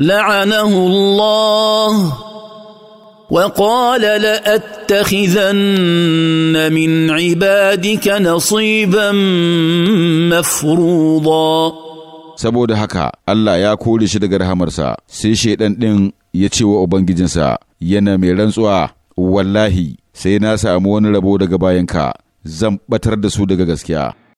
لعنه الله وقال لاتخذن من عبادك نصيبا مفروضا saboda haka Allah ya kore shi daga rahamarsa sai shaidan ɗin ya ce wa ubangijinsa yana mai rantsuwa wallahi sai na samu wani rabo daga bayanka zan batar da su daga gaskiya